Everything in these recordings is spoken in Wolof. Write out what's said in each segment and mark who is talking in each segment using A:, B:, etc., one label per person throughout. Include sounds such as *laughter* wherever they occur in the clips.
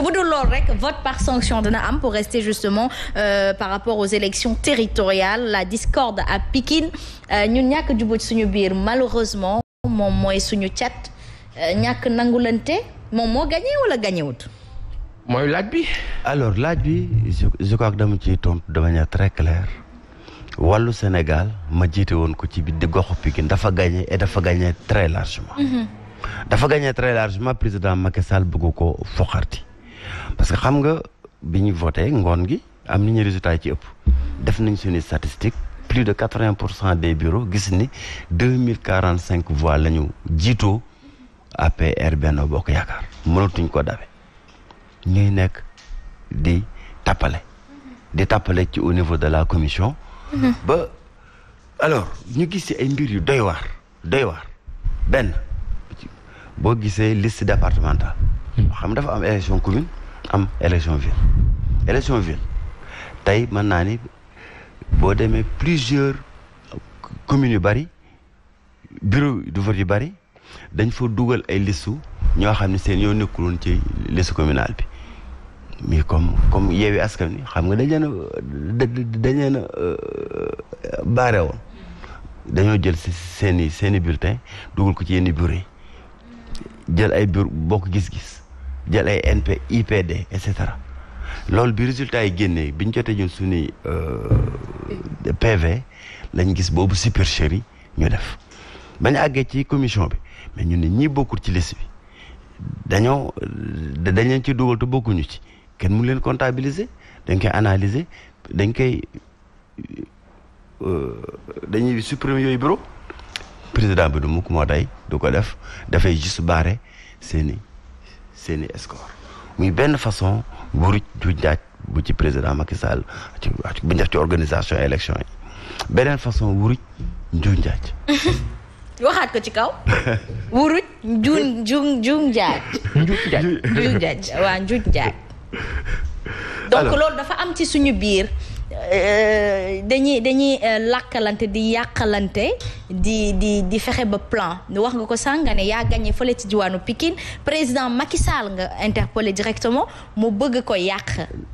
A: que bu dul loolu rek vote par sanction dina am pour rester justement euh, par rapport aux élections territoriales la discorde à Pikine euh, ñun ñàkk jubóo ci suñu biir malheureusement moom mooy suñu cat euh, ñàkk nangulante moom moo gagné wala gagné wut
B: mooy laaj bi. alors laaj bi je je crois dama ciy tontu de manière très claire wàllu Sénégal ma jiite woon ko ci bi di goxu dafa gagné et dafa gagné très largement. Mhm. dafa gagné très largement président Macky Sall bëgg parce que xam nga bi ñu voté ngoon gi am nañu résultat yi ci ëpp def nañ suñu statistique plus de quatre-vingt pour cent des bureaux gis ni deux mille quarante cinq voix la ñu jiitoo APR Benno Bokk Yaakaar mënatuñ ko dabe ñuy nekk di tappale di tappale ci au niveau de la commission mm-hmm. ba alors ñu gis ci ay yu doy waar doy waar benn boo gisee liste départementale mm. xam dafa am élection commune am élection ville élection ville tey mën naa ni boo demee plusieurs communes yu bari bureau du vote yu bari dañ fa dugal ay listu ñoo xam ne seen yoo nekkuloon ci liste communale bi mais comme comme yeewi askan wi xam nga dañ leen a a euh, baare woon dañoo jël seen seeni seen i dugal ko ci yenn bureau yi jël ay bureau bokk gis-gis jël ay NP IPD et cetera loolu bi résultat yi génnee biñ jotee ñun suñuy euh, PV lañ gis boobu supercherie ñu def bañ àggee ci commission bi mais ñu ne ñii bokkul ci liste bi dañoo euh, dañ leen ci dugal te bokkuñu ci kenn mu leen comptabiliser dañ koy analyser dañ koy euh, dañuy supprimer yooyu bureau président bi du mukk moo day du ko def dafay juste barrer seeni seeni score muy benn façon buruj ju njaaj bu ci président Macky Sall ci organisation élection yi beneen façon wuruj njuuj njaaj
A: waxaat ko ci kaw wuruj njuun juun juun njaaj
B: njuuj njaaj
A: waa njuuj njaaj donc loolu dafa am ci suñu biir Euh, dañuy dañuy euh, làkkalante di yàqalante di di di fexe ba plan wax nga ko sànq nga ne yaa gagné fële ci diwaanu Pikine président Macky Sall nga interpellé directement mu bëgg ko yàq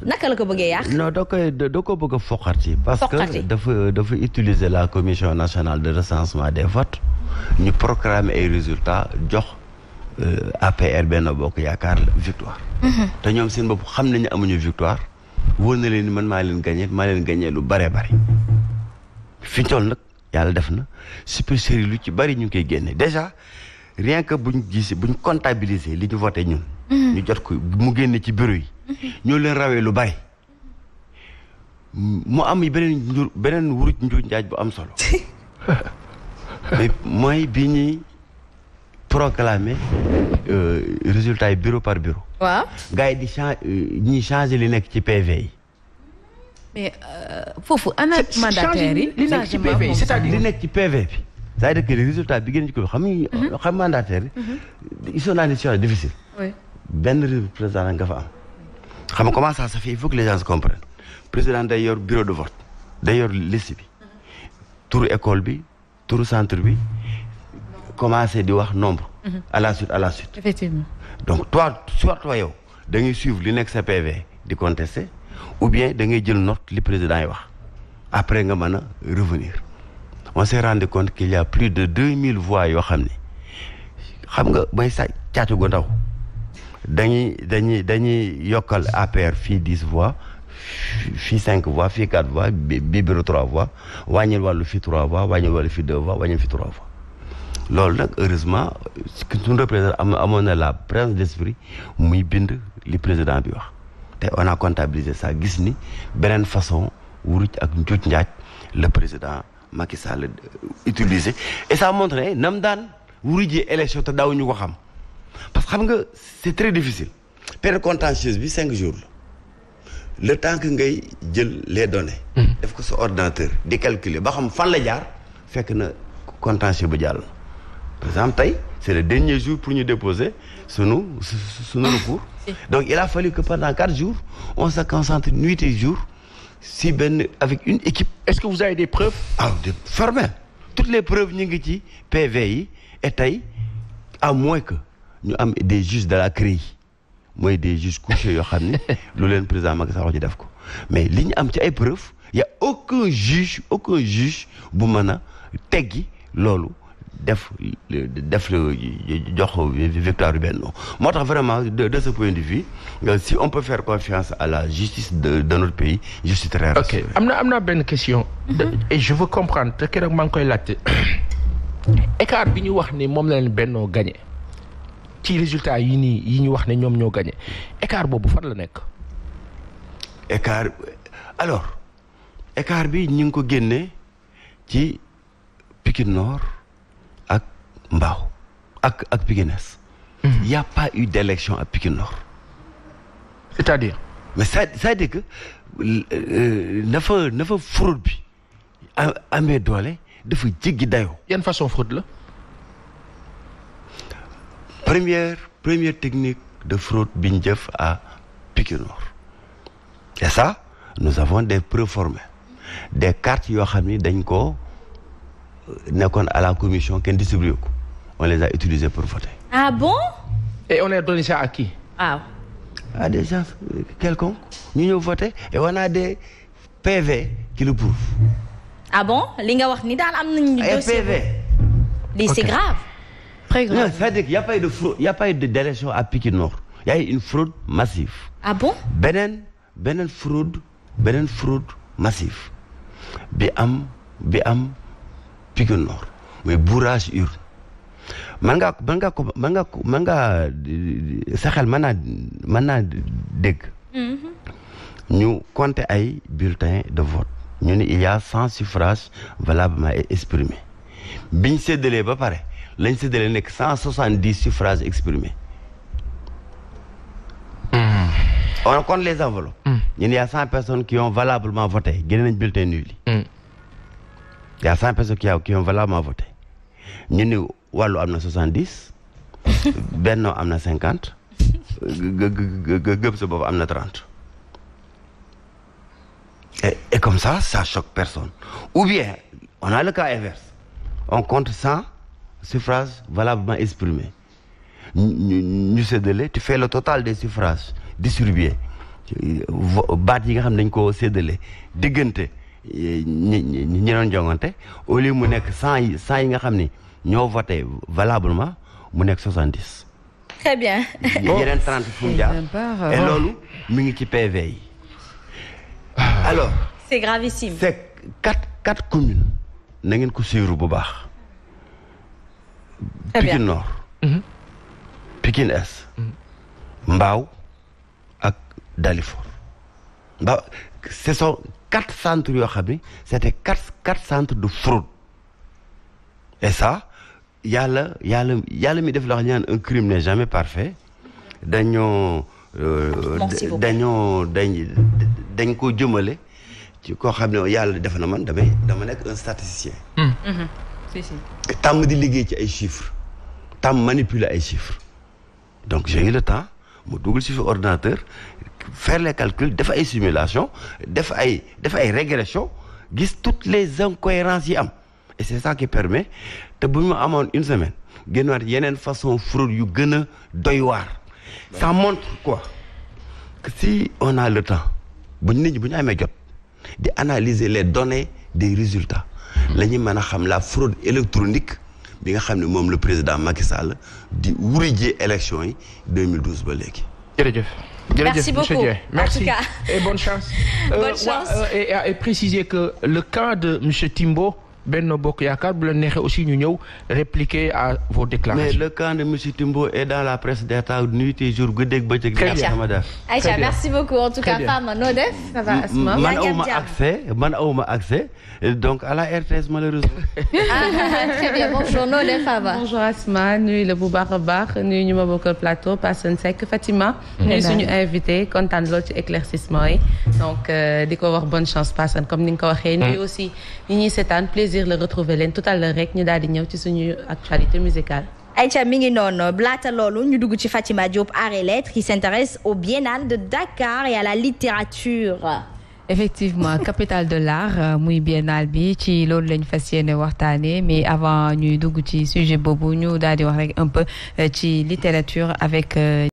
A: naka la ko bëggee yàq.
B: non da koy da ko bëgg a foqati. parce que dafa dafa utiliser la commission nationale de recensement des votes ñu programme ay résultats jox. Euh, APR benn bokk yaakaar la victoire. Mhm. te ñoom seen bopp xam nañu amuñu victoire. wóor na leen ni man maa leen gagné maa leen gagné lu bare bari fi ñu nag yàlla def na supercherie lu ci bari ñu koy génne déjà rien que buñ gisee buñ comptabiliser li ñu voté ñun. Mhm. ñu jot ko mu génne ci bureau yi. Mhm. ñoo leen rawee lu bari. mu am beneen njur beneen wuruj njuuj njaaj bu am sol *laughs* mais mooy bi ñuy proclamer euh, résultat yi bureau par bureau. waaw gars yi di euh, chang li nekk ci PV yi.
A: mais euh, li nekk ci PV yi cest à bi.
B: c'est-à-dire que bi gën ci ko mhm. mhm. benn président fa am. xam nga comment président day yor bureau de vote day yor liste bi. Mhm. turu bi turu centre bi. commencé di wax nombre. Mhm. à la suite à la suite. effectivement donc toi soit yow da ngay suivre li nekk sa PV di contester ou bien da ngay jël note li président yi wax après nga mën a revenir on s' est rendu compte qu' plus de 2000 voix yoo xam ni xam nga mooy sa càccu gu ndaw dañuy dañuy dañuy yokkal APR fii 10 voix. fii cinq voix fii quatre voix bi biiru trois voix wàññil wàllu fii trois voix wàññil wàllu fii deux voix wàññil fii trois voix loolu nag heureusement suñu représentant am amoon na la présence d'esprit muy bind li président bi wax te on a comptabilisé ça gis ni beneen façon wuruj ak njuuj njaaj le président Macky Sall euh, utilisé et ça montre ne nam daan wurujee élection te daawuñu ko xam parce que xam nga c'est très difficile période contentieuse bi cinq jours la le temps ngay jël les données mm-hmm. def ko sa ordinateur di calculer ba xam fan la jaar fekk na contentieux ba jàll par exemple tey c' est le dernier jour pour ñu déposer sunu sunu recours donc il a fallu que pendant quatre jours on se concentre nuit et jour si benn avec une équipe. est ce que vous avez des preuves. ah de fermé toutes les preuves ñu ngi ci PV yi et tey à moins que ñu am des juges de la CREI mooy des juges couchés yoo xam ne *laughs* lu leen président Macky Sall def ko mais li ñu am ci ay preuves y' a aucun juge aucun juge bu mën a teggi loolu. def def jox victoire Benno moo tax vraiment de de ce point de vue euh, si on peut faire confiance à la justice de de notre pays je suis très ok am na am na benn question. Mhm. et je veux comprendre te keroog maa ngi koy laajte *clears throat* écart bi ñu wax ni moom la leen Benno gagné ci résultat yi nii yi ñu wax ne ñoom ñoo gagné écart boobu fan la nekk. écart alors écart bi ñu ngi ko génnee ci Pikine Nord. mbaaw ak ak Pikines il mhm. y a pas eu d'élection à Pikine Nord dire mais ça c'est-à-dire que euh, fraude bi amee doole dafa jéggi dayoo yan façon fraude la première première technique de fraude bi ñu jëf à Pikine Nord et ça nous avons des preuves des cartes yoo xam ni dañ ko nekkoon à la commission kenn distribué ko on les a utilisés pour voter. Ah bon? Et on a donné ça à qui? waaw. à des gens quelconques ñu ñëw voter et on a des PV qui le prouvent.
A: ah bon li nga wax ni daal am nañu. dossier PV. lii c'est grave.
B: très grave non c'est-à-dire qu'il y a pas eu de fraude il y a pas eu de d'élection à Pikine Nord il y a eu une fraude massive. ah bon beneen beneen fraude beneen fraude massive bi am bi am Pikine Nord mooy bourrage urne. man ngaa man ngaa ko man ngaa ko man ngaa sa xel mën naa mën naa dégg. Mm-hmm. ñu compter ay bulletins de vote ñu ne il y a cent suffrages valablement exprimés biñ séddalee ba pare lañ séddalee nekk cent soixante dix suffrages exprimés. Mm. on compte les enveloppes. ñu mm. ne y a cent personnes qui ont valablement voté génne nañ bulletin nul. Mm. y a cent personnes qui ont qui ont valablement voté ñu ne wàllu am na soixante-dix *laughs* bennoo am na cinquante gëm sa bopp am na trente et comme ça ça choque personne ou bien on a le cas inverse on compte cent suffrages valablement exprimés ñu séddale tu fais le total des suffrages distribués baat yi nga xam ne dañ ko séddale diggante ñi ñi doon jongante au lieu mu nekk cent yi cent yi nga xam ni ñoo voté valablement mu nekk 70.
A: très bien. *laughs* yeneen 30 mu jaar et loolu
B: mu ngi ci PV yi. Ah. alors
A: c'est gravissime. c'est quatre
B: quatre communes na ngeen ko suivre bu baax. très bien Pikine Nord. Mhm. Pikine mhm. ak Dalifort. Mbao ce sont quatre yoo xam ne c'était quatre quatre centres de fraude yàlla yàlla yàlla mi def la wax ñaan un crime n'est jamais parfait dañoo euh, dañoo dañ dañ ko jëmale ci koo xam ne yàlla def na man damay dama nekk un statisticien hmm. Mhm. Hmm. tàmm di liggéey ci ay chiffres tàmm manipuler ay chiffres donc j'ai eu le temps mu dugal ci ordinateur faire les calculs def ay simulation def ay def ay régression gis toutes les incohérences yi am et c'est ça qui permet te bu ñu amoon une semaine génnaat yeneen façon fraude yu gën a doy waar. ça montre quoi que on a le temps bu nit ñi bu ñu amee jot di analyser les données des résultats. la ñuy mën a xam la fraude électronique bi nga xam ne moom le président Macky Sall di wurijee élection yi 2012 ba léegi. jërëjëf. Merci beaucoup. En tout
A: Et bonne chance. *laughs* bonne euh, chance.
B: Ouais, euh, et préciser que le cas de monsieur Timbo Benno Bokk Yaakaar bu leen neexee aussi ñu ñëw répliquer à vos déclarations. mais le camp de monsieur Timbo est dans la presse d'État nuit et jour guddeeg bëccëg. très bien Aïcha merci
A: beaucoup en tout cas Fama noo def. ça va Asma man awma
B: accès man awma accès donc à la RTS malheureusement. *laughs* Ah, ah, ah, très bien bonjour noo def Fama.
A: bonjour Asma nuyu la bu baax a baax nuyu ñu ma bokkal plateau Passane Seck Fatima. Mm-hmm. nuyu suñu invité kontaan lool ci éclaircissement yi donc euh, di ko wax bonne chance Passane comme ni nga ko waxee. Mm. nuyu aussi ñi ñuy seetaan plaisir. plaisir la retrouver leen tout à l'heure rek ñu daal di ñëw ci suñu actualité musicale Aïcha mi ngi noonu laata loolu ñu Fatima Diop Arts et Lettres qui s'intéresse au biennale de Dakar et à la littérature effectivement *laughs* capitale de l'art euh, muy biennale bi ci loolu lañ fas yéene waxtaanee mais avant ñuy dugg sujet boobu ñu daal di wax rek un peu euh, ci littérature euh,